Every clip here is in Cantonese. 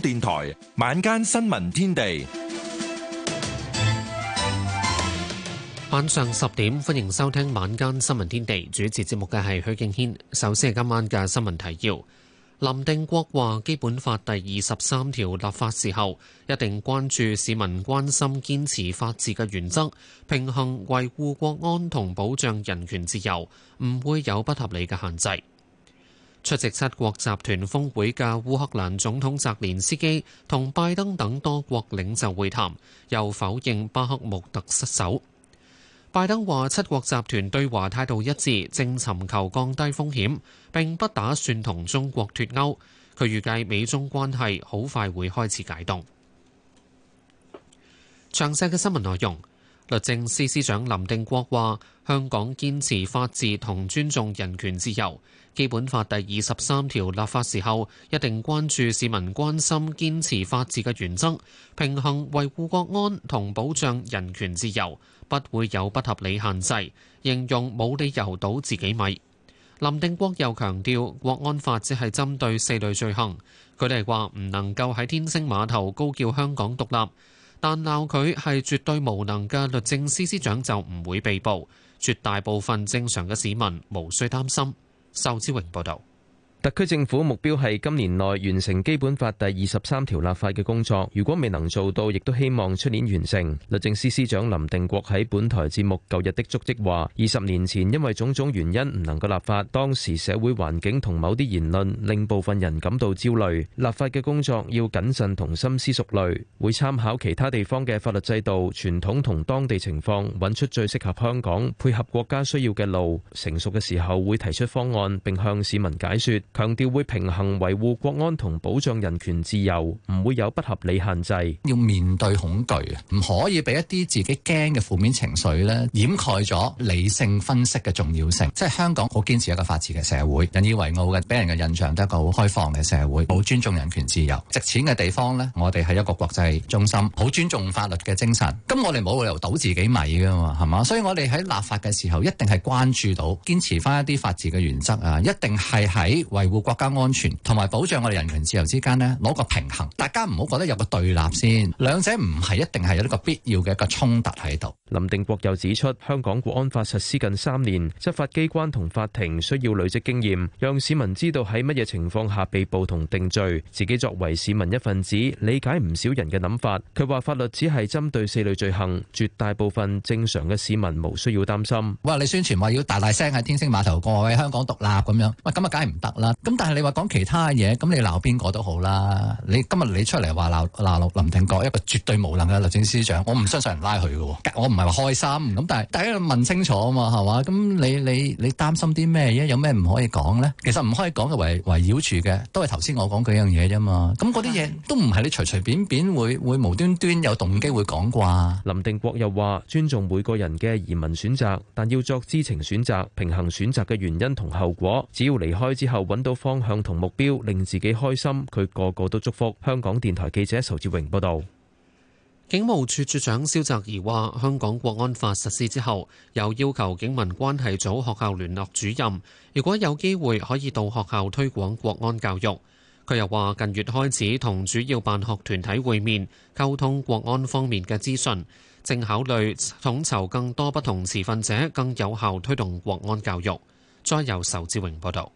電台晚間新聞天地，晚上十點歡迎收聽晚間新聞天地。主持節目嘅係許敬軒。首先係今晚嘅新聞提要。林定國話：基本法第二十三條立法時候，一定關注市民關心、堅持法治嘅原則，平衡維護國安同保障人權自由，唔會有不合理嘅限制。出席七國集團峰會嘅烏克蘭總統澤連斯基同拜登等多國領袖會談，又否認巴克穆特失守。拜登話七國集團對華態度一致，正尋求降低風險，並不打算同中國脫鉤。佢預計美中關係好快會開始解凍。詳細嘅新聞內容。律政司司長林定國話：香港堅持法治同尊重人權自由，《基本法》第二十三條立法時候一定關注市民關心、堅持法治嘅原則，平衡維護國安同保障人權自由，不會有不合理限制。形容冇理由倒自己米。林定國又強調，國安法只係針對四類罪行，佢哋話唔能夠喺天星碼頭高叫香港獨立。但鬧佢係絕對無能嘅律政司司長就唔會被捕，絕大部分正常嘅市民無需擔心。仇之榮報導。特區政府目標係今年內完成《基本法》第二十三條立法嘅工作。如果未能做到，亦都希望出年完成。律政司司長林定國喺本台節目《舊日的足跡》話：二十年前因為種種原因唔能夠立法，當時社會環境同某啲言論令部分人感到焦慮。立法嘅工作要謹慎同深思熟慮，會參考其他地方嘅法律制度、傳統同當地情況，揾出最適合香港配合國家需要嘅路。成熟嘅時候會提出方案並向市民解說。強調會平衡維護國安同保障人權自由，唔會有不合理限制。要面對恐懼，唔可以俾一啲自己驚嘅負面情緒咧掩蓋咗理性分析嘅重要性。即係香港好堅持一個法治嘅社會，引以為傲嘅，俾人嘅印象都係一個好開放嘅社會，好尊重人權自由。值錢嘅地方呢，我哋係一個國際中心，好尊重法律嘅精神。咁我哋冇理由倒自己米㗎嘛，係嘛？所以我哋喺立法嘅時候一定係關注到，堅持翻一啲法治嘅原則啊，一定係喺為。維護國家安全同埋保障我哋人權自由之間咧，攞個平衡，大家唔好覺得有個對立先，兩者唔係一定係有呢個必要嘅一個衝突喺度。林定國又指出，香港國安法實施近三年，執法機關同法庭需要累積經驗，讓市民知道喺乜嘢情況下被捕同定罪。自己作為市民一份子，理解唔少人嘅諗法。佢話法律只係針對四類罪行，絕大部分正常嘅市民無需要擔心。喂，你宣傳話要大大聲喺天星碼頭過去香港獨立咁樣，喂，咁啊梗係唔得啦。咁但係你話講其他嘢，咁你鬧邊個都好啦。你今日你出嚟話鬧鬧林定國一個絕對無能嘅律政司長，我唔相信人拉佢㗎。我唔係話開心咁，但係大家要問清楚啊嘛，係嘛？咁你你你擔心啲咩嘢？有咩唔可以講呢？其實唔可以講嘅，圍圍繞住嘅，都係頭先我講嗰樣嘢啫嘛。咁嗰啲嘢都唔係你隨隨便便會會無端端有動機會講啩。林定國又話尊重每個人嘅移民選擇，但要作知情選擇、平衡選擇嘅原因同後果，只要離開之後揾到方向同目標，令自己開心，佢個個都祝福。香港電台記者仇志榮報道。警務處處長蕭澤頤話：香港國安法實施之後，有要求警民關係組學校聯絡主任，如果有機會可以到學校推廣國安教育。佢又話：近月開始同主要辦學團體會面，溝通國安方面嘅資訊，正考慮統籌更多不同持份者，更有效推動國安教育。再由仇志榮報道。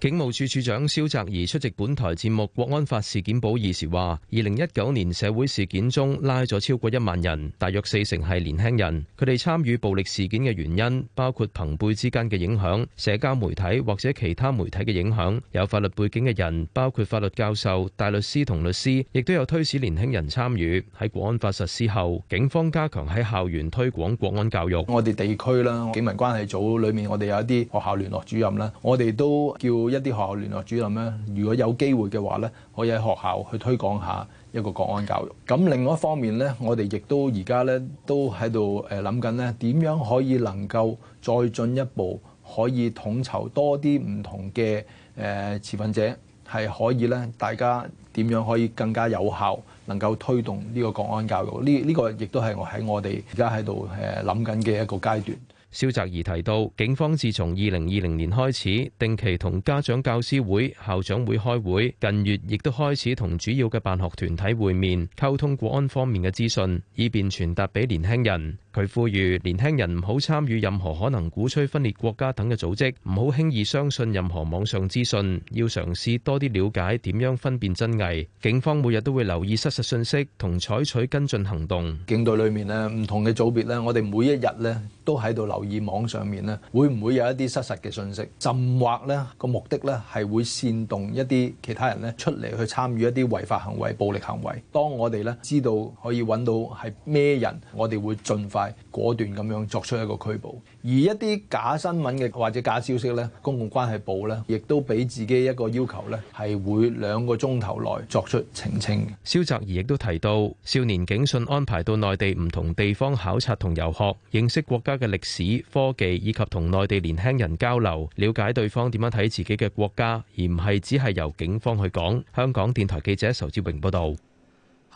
警務處處長蕭澤頤出席本台節目《國安法事件簿》時話，二零一九年社會事件中拉咗超過一萬人，大約四成係年輕人，佢哋參與暴力事件嘅原因包括朋輩之間嘅影響、社交媒體或者其他媒體嘅影響。有法律背景嘅人，包括法律教授、大律師同律師，亦都有推使年輕人參與。喺國安法實施後，警方加強喺校園推廣國安教育。我哋地區啦，警民關係組裏面，我哋有一啲學校聯絡主任啦，我哋都叫，一啲學校聯絡主任咧，如果有機會嘅話咧，可以喺學校去推廣下一個國安教育。咁另外一方面咧，我哋亦都而家咧都喺度誒諗緊咧，點樣可以能夠再進一步，可以統籌多啲唔同嘅誒、呃、持份者，係可以咧，大家點樣可以更加有效，能夠推動呢個國安教育。呢呢、這個亦都係我喺我哋而家喺度誒諗緊嘅一個階段。肖澤怡提到，警方自從二零二零年開始定期同家長教師會、校長會開會，近月亦都開始同主要嘅辦學團體會面，溝通國安方面嘅資訊，以便傳達俾年輕人。佢呼籲年輕人唔好參與任何可能鼓吹分裂國家等嘅組織，唔好輕易相信任何網上資訊，要嘗試多啲了解點樣分辨真偽。警方每日都會留意失實信息，同採取跟進行動。警隊裏面咧，唔同嘅組別咧，我哋每一日咧都喺度留意網上面咧，會唔會有一啲失實嘅信息？甚或咧個目的咧係會煽動一啲其他人咧出嚟去參與一啲違法行為、暴力行為。當我哋咧知道可以揾到係咩人，我哋會盡快。果斷咁樣作出一個拘捕，而一啲假新聞嘅或者假消息呢，公共關係部呢，亦都俾自己一個要求呢，係會兩個鐘頭內作出澄清。蕭澤怡亦都提到，少年警訊安排到內地唔同地方考察同遊學，認識國家嘅歷史、科技以及同內地年輕人交流，了解對方點樣睇自己嘅國家，而唔係只係由警方去講。香港電台記者仇志榮報道。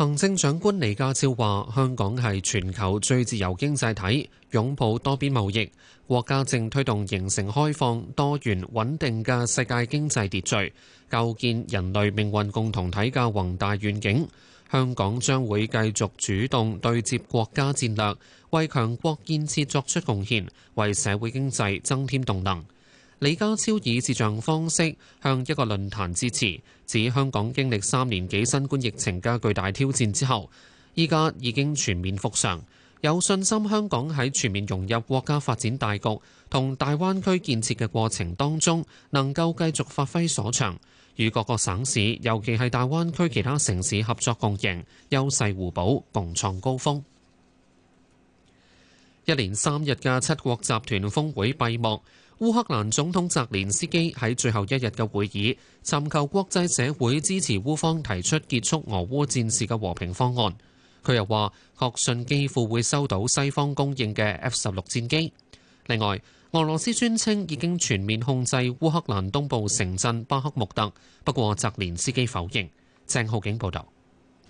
行政長官李家超話：香港係全球最自由經濟體，擁抱多邊貿易，國家正推動形成開放、多元、穩定嘅世界經濟秩序，構建人類命運共同體嘅宏大願景。香港將會繼續主動對接國家戰略，為強國建設作出貢獻，為社會經濟增添動能。李家超以攝像方式向一個論壇致辭，指香港經歷三年幾新冠疫情嘅巨大挑戰之後，依家已經全面復常，有信心香港喺全面融入國家發展大局同大灣區建設嘅過程當中，能夠繼續發揮所長，與各個省市，尤其係大灣區其他城市合作共贏，優勢互補，共創高峰。一連三日嘅七國集團峰會閉幕。烏克蘭總統澤連斯基喺最後一日嘅會議，尋求國際社會支持烏方提出結束俄烏戰事嘅和平方案。佢又話，確信幾乎會收到西方供應嘅 F 十六戰機。另外，俄羅斯宣稱已經全面控制烏克蘭東部城鎮巴克穆特，不過澤連斯基否認。鄭浩景報道。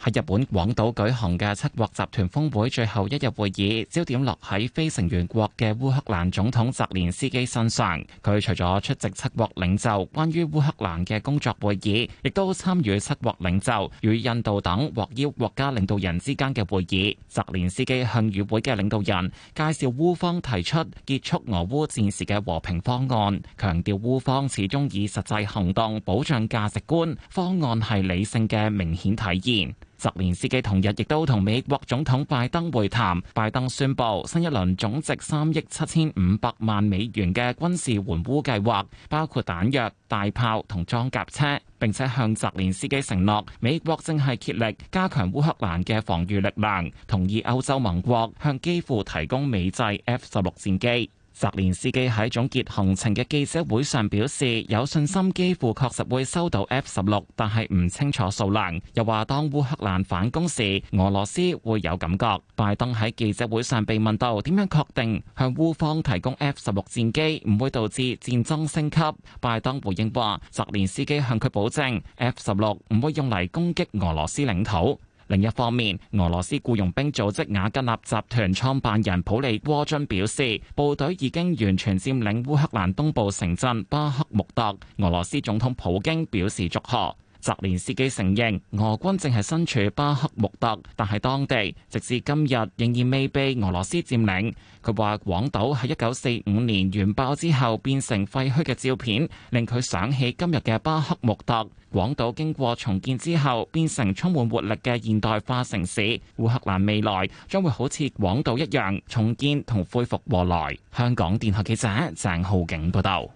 喺日本廣島舉行嘅七國集團峰會最後一日會議，焦點落喺非成員國嘅烏克蘭總統澤連斯基身上。佢除咗出席七國領袖關於烏克蘭嘅工作會議，亦都參與七國領袖與印度等獲邀國家領導人之間嘅會議。澤連斯基向與會嘅領導人介紹烏方提出結束俄烏戰時嘅和平方案，強調烏方始終以實際行動保障價值觀，方案係理性嘅明顯體現。澤連斯基同日亦都同美國總統拜登會談，拜登宣布新一輪總值三億七千五百萬美元嘅軍事援烏計劃，包括彈藥、大炮同裝甲車，並且向澤連斯基承諾，美國正係竭力加強烏克蘭嘅防禦力量，同意歐洲盟國向基輔提供美製 F 十六戰機。澤連斯基喺總結行程嘅記者會上表示，有信心幾乎確實會收到 F 十六，但係唔清楚數量。又話當烏克蘭反攻時，俄羅斯會有感覺。拜登喺記者會上被問到點樣確定向烏方提供 F 十六戰機唔會導致戰爭升級，拜登回應話澤連斯基向佢保證 F 十六唔會用嚟攻擊俄羅斯領土。另一方面，俄羅斯雇傭兵組織雅各納集團創辦人普利戈津表示，部隊已經完全佔領烏克蘭東部城鎮巴克穆特。俄羅斯總統普京表示祝賀。澤連斯基承認，俄軍正係身處巴赫穆特，但係當地直至今日仍然未被俄羅斯佔領。佢話廣島喺一九四五年原爆之後變成廢墟嘅照片，令佢想起今日嘅巴赫穆特。廣島經過重建之後，變成充滿活力嘅現代化城市。烏克蘭未來將會好似廣島一樣，重建同恢復和來。香港電台記者鄭浩景報道。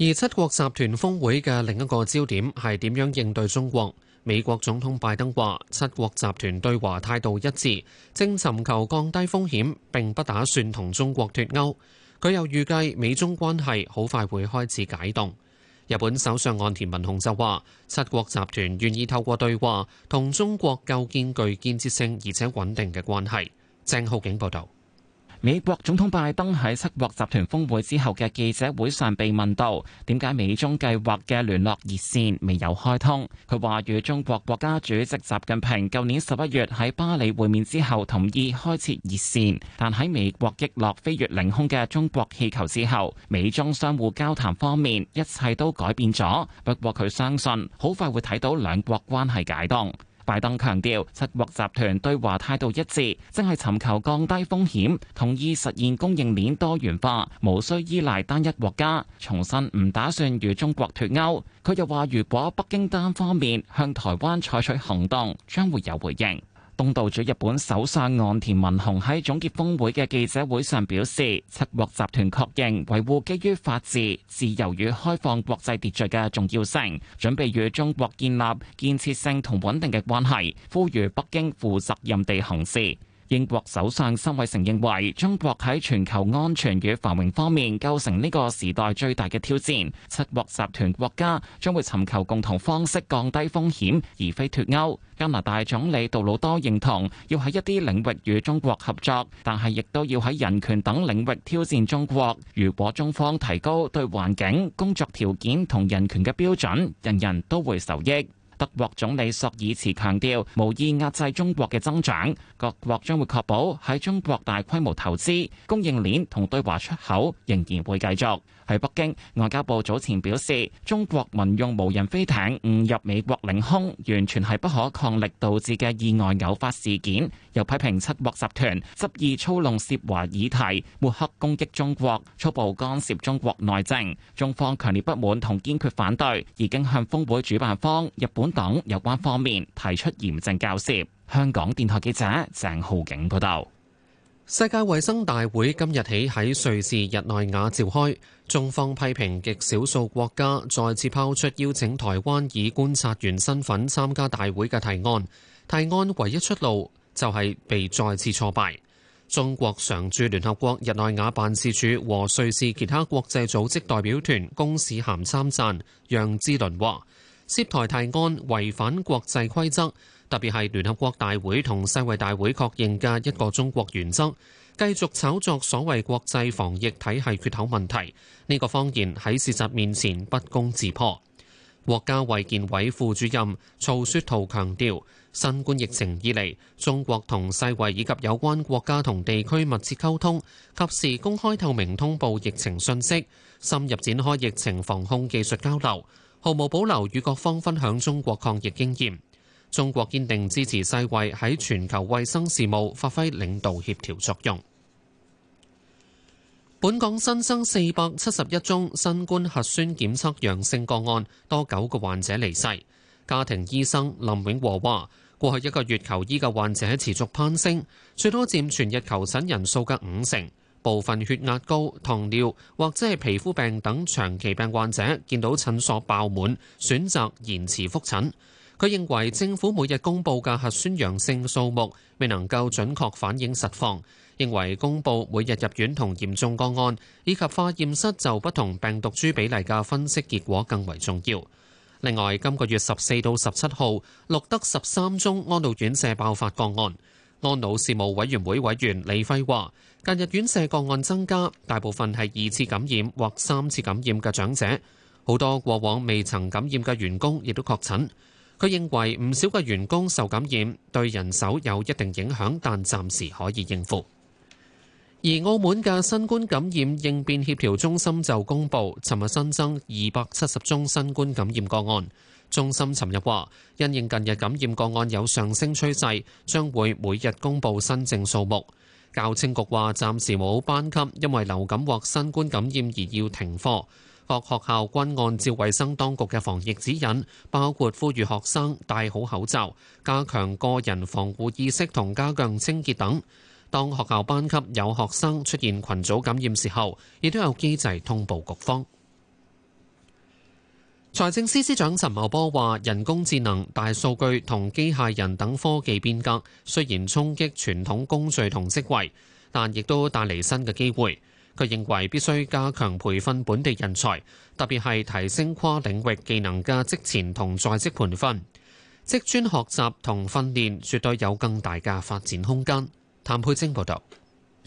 而七國集團峰會嘅另一個焦點係點樣應對中國。美國總統拜登話：七國集團對華態度一致，正尋求降低風險，並不打算同中國脫鉤。佢又預計美中關係好快會開始解凍。日本首相岸田文雄就話：七國集團願意透過對話同中國構建具建設性而且穩定嘅關係。鄭浩景報導。美國總統拜登喺七國集團峰會之後嘅記者會上被問到點解美中計劃嘅聯絡熱線未有開通，佢話與中國國家主席習近平舊年十一月喺巴黎會面之後同意開設熱線，但喺美國擊落飛越領空嘅中國氣球之後，美中相互交談方面一切都改變咗。不過，佢相信好快會睇到兩國關係解凍。拜登強調，七國集團對華態度一致，淨係尋求降低風險，同意實現供應鏈多元化，無需依賴單一國家。重申唔打算與中國脫鉤。佢又話，如果北京單方面向台灣採取行動，將會有回應。東道主日本首相岸田文雄喺總結峰會嘅記者會上表示，七國集團確認維護基於法治、自由與開放國際秩序嘅重要性，準備與中國建立建設性同穩定嘅關係，呼籲北京負責任地行事。英國首相辛偉誠認為，中國喺全球安全與繁榮方面構成呢個時代最大嘅挑戰。七國集團國家將會尋求共同方式降低風險，而非脫鉤。加拿大總理杜魯多認同，要喺一啲領域與中國合作，但係亦都要喺人權等領域挑戰中國。如果中方提高對環境、工作條件同人權嘅標準，人人都會受益。德國總理朔爾茨強調，無意壓制中國嘅增長，各國將會確保喺中國大規模投資、供應鏈同對華出口仍然會繼續。喺北京，外交部早前表示，中國民用無人飛艇誤入美國領空，完全係不可抗力導致嘅意外偶發事件，又批評七國集團執意操弄涉華議題，抹黑攻擊中國，粗暴干涉中國內政，中方強烈不滿同堅決反對，已經向峰會主辦方日本，等有關方面提出嚴正交涉。香港電台記者鄭浩景報道：世界衛生大會今日起喺瑞士日內瓦召開，中方批評極少數國家再次拋出邀請台灣以觀察員身份參加大會嘅提案，提案唯一出路就係被再次挫敗。中國常駐聯合國日內瓦辦事處和瑞士其他國際組織代表團公使銜參讚楊之綸話。涉台提案違反國際規則，特別係聯合國大會同世衛大會確認嘅一個中國原則，繼續炒作所謂國際防疫體系缺口問題，呢、這個謊言喺事實面前不攻自破。國家衛健委副主任曹雪濤強調，新冠疫情以嚟，中國同世衛以及有關國家同地區密切溝通，及時公開透明通報疫情信息，深入展開疫情防控技術交流。毫無保留與各方分享中國抗疫經驗。中國堅定支持世衛喺全球衛生事務發揮領導協調作用。本港新增四百七十一宗新冠核酸檢測陽性個案，多九個患者離世。家庭醫生林永和話，過去一個月求醫嘅患者持續攀升，最多佔全日求診人數嘅五成。部分血壓高、糖尿或者係皮膚病等長期病患者，見到診所爆滿，選擇延遲覆診。佢認為政府每日公布嘅核酸陽性數目，未能夠準確反映實況，認為公布每日入院同嚴重個案，以及化驗室就不同病毒株比例嘅分析結果，更為重要。另外，今個月十四到十七號錄得十三宗安老院舍爆發個案。安老事務委員會委員李輝話。近日院舍個案增加，大部分係二次感染或三次感染嘅長者，好多過往未曾感染嘅員工亦都確診，佢認為唔少嘅員工受感染對人手有一定影響，但暫時可以應付。而澳門嘅新冠感染應變協調中心就公布，尋日新增二百七十宗新冠感染個案。中心尋日話，因應近日感染個案有上升趨勢，將會每日公布新增數目。教青局話暫時冇班級，因為流感或新冠感染而要停課。各學校均按照衛生當局嘅防疫指引，包括呼籲學生戴好口罩、加強個人防護意識同加強清潔等。當學校班級有學生出現群組感染時候，亦都有機制通報局方。財政司司長陳茂波話，人工智能、大數據同機械人等科技變革雖然衝擊傳統工序同職位，但亦都帶嚟新嘅機會。佢認為必須加強培訓本地人才，特別係提升跨領域技能嘅職前同在職培訓、職專學習同訓練，絕對有更大嘅發展空間。譚佩晶報道。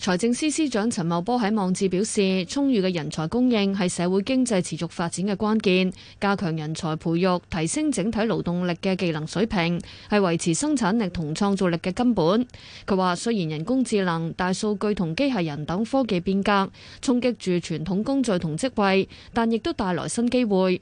財政司司長陳茂波喺網誌表示：充裕嘅人才供應係社會經濟持續發展嘅關鍵，加強人才培育，提升整體勞動力嘅技能水平，係維持生產力同創造力嘅根本。佢話，雖然人工智能、大數據同機械人等科技變革衝擊住傳統工序同職位，但亦都帶來新機會。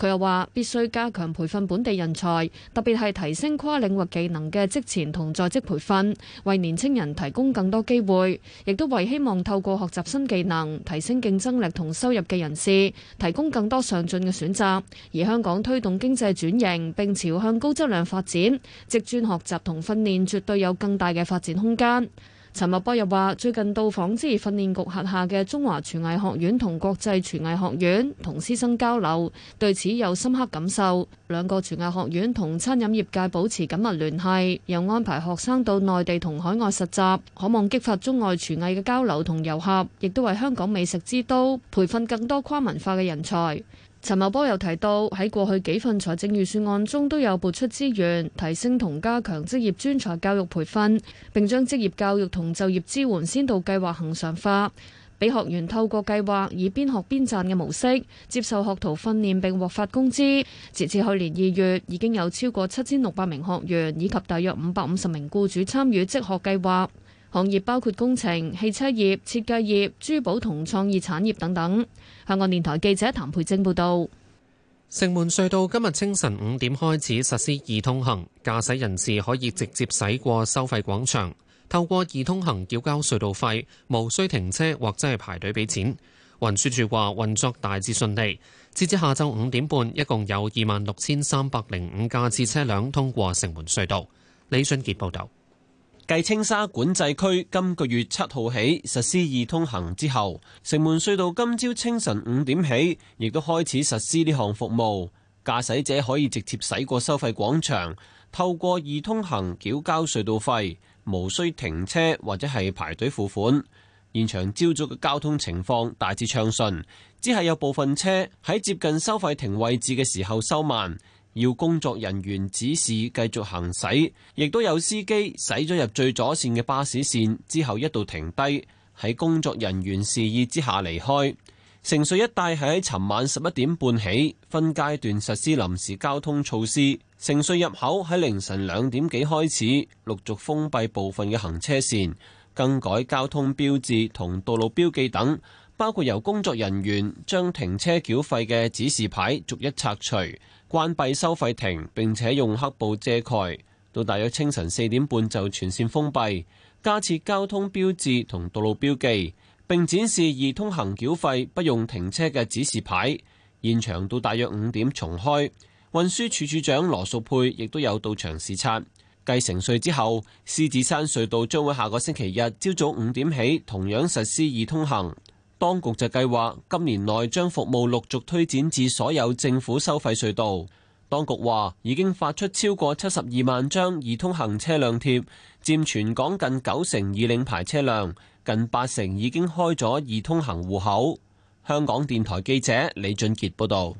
佢又話：必須加強培訓本地人才，特別係提升跨領域技能嘅職前同在職培訓，為年青人提供更多機會，亦都為希望透過學習新技能提升競爭力同收入嘅人士提供更多上進嘅選擇。而香港推動經濟轉型並朝向高質量發展，職專學習同訓練絕對有更大嘅發展空間。陳茂波又話：最近到訪職業訓練局轄下嘅中華廚藝學院同國際廚藝學院，同師生交流，對此有深刻感受。兩個廚藝學院同餐飲業界保持緊密聯繫，又安排學生到內地同海外實習，可望激發中外廚藝嘅交流同融合，亦都為香港美食之都培訓更多跨文化嘅人才。陳茂波又提到，喺過去幾份財政預算案中都有撥出資源提升同加強職業專才教育培訓，並將職業教育同就業支援先導計劃恒常化，俾學員透過計劃以邊學邊賺嘅模式接受學徒訓練，並獲發工資。截至去年二月，已經有超過七千六百名學員以及大約五百五十名僱主參與職學計劃。行業包括工程、汽車業、設計業、珠寶同創意產業等等。香港電台記者譚培貞報道，城門隧道今日清晨五點開始實施易通行，駕駛人士可以直接駛過收費廣場，透過易通行繳交隧道費，無需停車或者係排隊俾錢。運輸署話運作大致順利，截至下晝五點半，一共有二萬六千三百零五架次車輛通過城門隧道。李俊傑報道。繼青沙管制區今個月七號起實施易通行之後，城門隧道今朝清晨五點起亦都開始實施呢項服務，駕駛者可以直接駛過收費廣場，透過易通行繳交隧道費，無需停車或者係排隊付款。現場朝早嘅交通情況大致暢順，只係有部分車喺接近收費亭位置嘅時候收慢。要工作人員指示繼續行駛，亦都有司機駛咗入最左線嘅巴士線，之後一度停低，喺工作人員示意之下離開。城隧一帶係喺尋晚十一點半起，分階段實施臨時交通措施，城隧入口喺凌晨兩點幾開始，陸續封閉部分嘅行車線，更改交通標誌同道路標記等，包括由工作人員將停車繳費嘅指示牌逐一拆除。關閉收費亭，並且用黑布遮蓋，到大約清晨四點半就全線封閉，加設交通標誌同道路標記，並展示易通行繳費不用停車嘅指示牌。現場到大約五點重開。運輸署署長羅淑佩亦都有到場視察。繼城隧之後，獅子山隧道將會下個星期日朝早五點起，同樣實施易通行。當局就計劃今年內將服務陸續推展至所有政府收費隧道。當局話已經發出超過七十二萬張易通行車輛貼，佔全港近九成已領牌車輛，近八成已經開咗易通行戶口。香港電台記者李俊傑報道。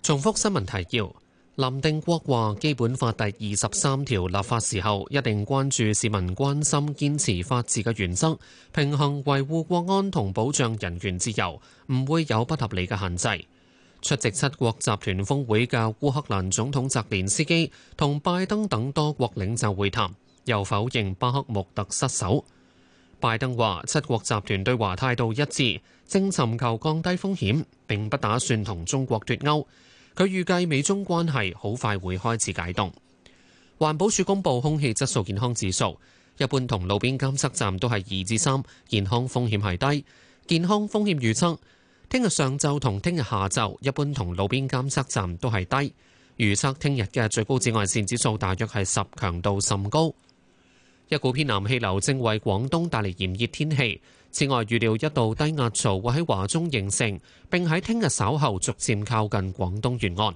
重複新聞提要。林定國話：基本法第二十三條立法時候，一定關注市民關心、堅持法治嘅原則，平衡維護國安同保障人權自由，唔會有不合理嘅限制。出席七國集團峰會嘅烏克蘭總統澤連斯基同拜登等多國領袖會談，又否認巴克穆特失守。拜登話：七國集團對華態度一致，正尋求降低風險，並不打算同中國脫鈎。佢預計美中關係好快會開始解凍。環保署公布空氣質素健康指數，一般同路邊監測站都係二至三，3，健康風險係低。健康風險預測，聽日上晝同聽日下晝一般同路邊監測站都係低。預測聽日嘅最高紫外線指數大約係十，強度甚高。一股偏南氣流正為廣東帶嚟炎熱天氣。此外，預料一道低壓槽會喺華中形成，並喺聽日稍後逐漸靠近廣東沿岸。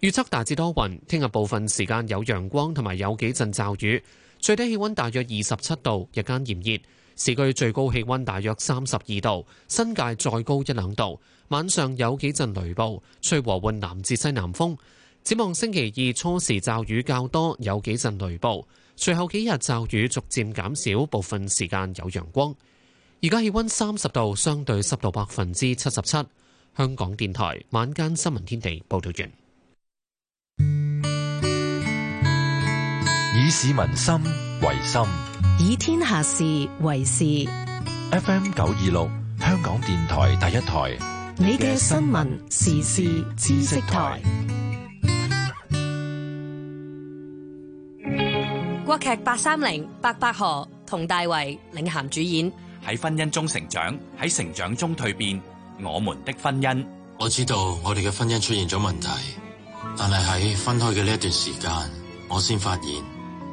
預測大致多雲，聽日部分時間有陽光同埋有幾陣驟雨，最低氣温大約二十七度，日間炎熱。市區最高氣温大約三十二度，新界再高一兩度。晚上有幾陣雷暴，吹和緩南至西南風。展望星期二初時驟雨較多，有幾陣雷暴，隨後幾日驟雨逐漸減少，部分時間有陽光。而家氣温三十度，相對濕度百分之七十七。香港電台晚間新聞天地報道完，以市民心為心，以天下事為事。F M 九二六，香港電台第一台，你嘅新聞時事知識台。國劇八三零，白百何同大衛領銜主演。喺婚姻中成長，喺成長中蛻變。我們的婚姻，我知道我哋嘅婚姻出現咗問題，但係喺分開嘅呢一段時間，我先發現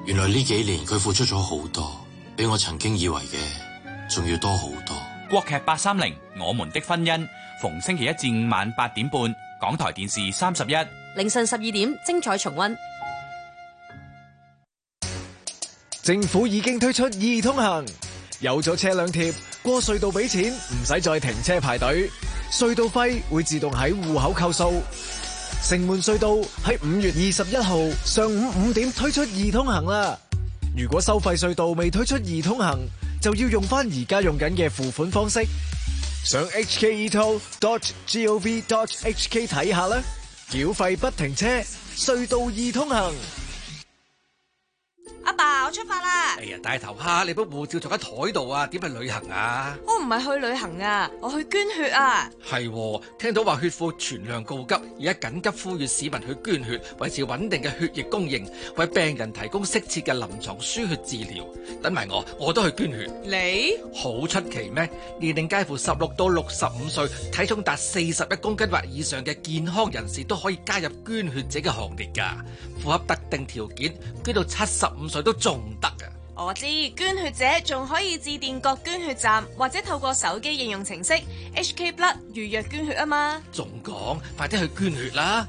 原來呢幾年佢付出咗好多，比我曾經以為嘅仲要多好多。國劇八三零我們的婚姻，逢星期一至五晚八點半，港台電視三十一，凌晨十二點精彩重溫。政府已經推出易通行。有咗車輛貼過隧道俾錢，唔使再停車排隊。隧道費會自動喺戶口扣數。城門隧道喺五月二十一號上午五點推出易通行啦。如果收費隧道未推出易通行，就要用返而家用緊嘅付款方式。上 hketoll.gov.hk 睇下啦。繳費不停車，隧道易通行。我出發啦！哎呀，大頭蝦，你把護照坐喺台度啊，點去旅行啊？我唔係去旅行啊，我去捐血啊！係，聽到話血庫存量告急，而家緊急呼籲市民去捐血，維持穩定嘅血液供應，為病人提供適切嘅臨床輸血治療。等埋我，ard, 我都去捐血。你好出奇咩？年齡介乎十六到六十五歲，體重達四十一公斤或以上嘅健康人士都可以加入捐血者嘅行列噶。符合特定條件，捐到七十五歲都。仲得啊！我知捐血者仲可以致電各捐血站，或者透過手機應用程式 HK Blood 預約捐血啊嘛！仲講，快啲去捐血啦！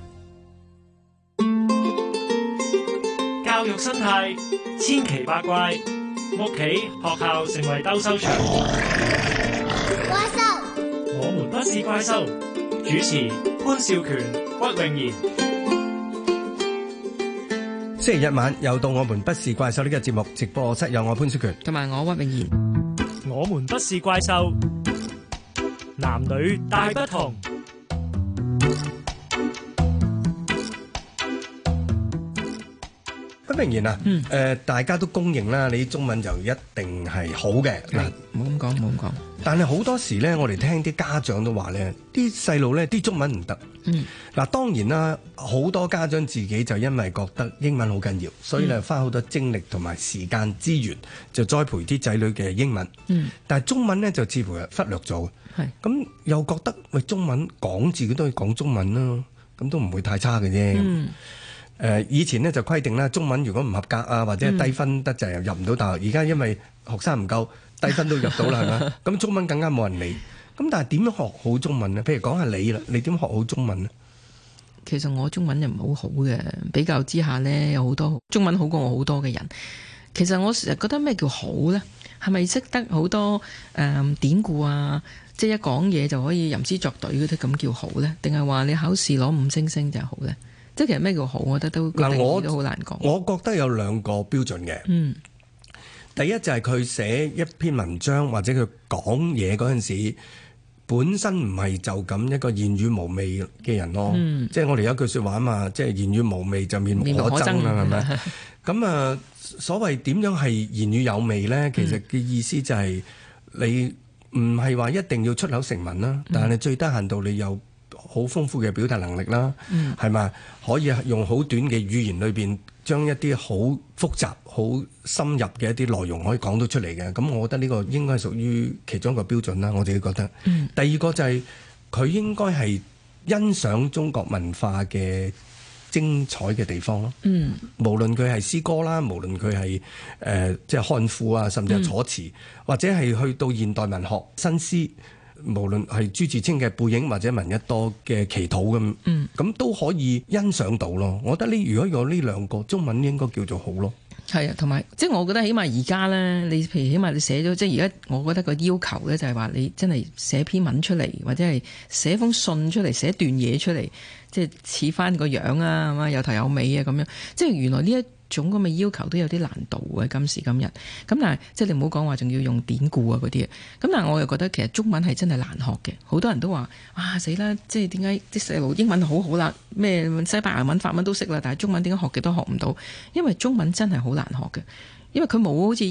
教育生態千奇百怪，屋企、學校成為鬥獸場。怪獸，我們不是怪獸。主持潘少權、屈穎妍。星期一晚又到我們不是怪獸，呢個節目直播室有我潘書權同埋我屈穎妍，兒我們不是怪獸，男女大不同。當然啦，誒、嗯呃，大家都公認啦，你中文就一定係好嘅嗱，冇咁講，冇咁講。啦但係好多時咧，我哋聽啲家長都話咧，啲細路咧啲中文唔得。嗯，嗱，當然啦，好多家長自己就因為覺得英文好緊要，所以咧花好多精力同埋時間資源，就栽培啲仔女嘅英文。嗯，但係中文咧就似乎忽略咗。係是，咁、嗯、又覺得喂，中文講自己都係講中文啦，咁都唔會太差嘅啫。嗯。誒以前咧就規定啦，中文如果唔合格啊，或者低分得滯入唔到大學。而家因為學生唔夠，低分都入到啦，係咪？ 咁中文更加冇人理。咁但係點樣學好中文呢？譬如講下你啦，你點學好中文咧？其實我中文又唔係好好嘅，比較之下呢，有好多中文好過我好多嘅人。其實我成日覺得咩叫好呢？係咪識得好多誒、呃、典故啊？即係一講嘢就可以吟詩作對嗰啲咁叫好呢？定係話你考試攞五星星就好呢？即係其實咩叫好，我覺得都，嗱，我好難講，我覺得有兩個標準嘅。嗯，第一就係佢寫一篇文章或者佢講嘢嗰陣時，本身唔係就咁一個言語無味嘅人咯。嗯、即係我哋有一句說話啊嘛，即係言語無味就面目可憎啦，係咪？咁啊吧， 所謂點樣係言語有味咧？其實嘅意思就係你唔係話一定要出口成文啦，嗯、但係你最低限度你又。好豐富嘅表達能力啦，係咪、嗯、可以用好短嘅語言裏邊，將一啲好複雜、好深入嘅一啲內容可以講到出嚟嘅？咁我覺得呢個應該係屬於其中一個標準啦，我自己覺得。嗯、第二個就係、是、佢應該係欣賞中國文化嘅精彩嘅地方咯、嗯。無論佢係詩歌啦，無論佢係誒即係漢賦啊，甚至係楚辭，嗯、或者係去到現代文學新詩。無論係朱自清嘅背影或者聞一多嘅祈禱咁，咁、嗯、都可以欣賞到咯。我覺得呢，如果有呢兩個中文應該叫做好咯。係啊，同埋即係我覺得起碼而家咧，你譬如起碼你寫咗，即係而家我覺得個要求咧就係話你真係寫篇文出嚟，或者係寫封信出嚟，寫段嘢出嚟，即係似翻個樣啊，咁啊有頭有尾啊咁樣。即係原來呢一種咁嘅要求都有啲難度嘅，今時今日咁，但係即係你唔好講話，仲要用典故啊嗰啲。咁但係我又覺得其實中文係真係難學嘅，好多人都話啊死啦！即係點解啲細路英文好好啦，咩西班牙文、法文都識啦，但係中文點解學極都學唔到？因為中文真係好難學嘅，因為佢冇好似。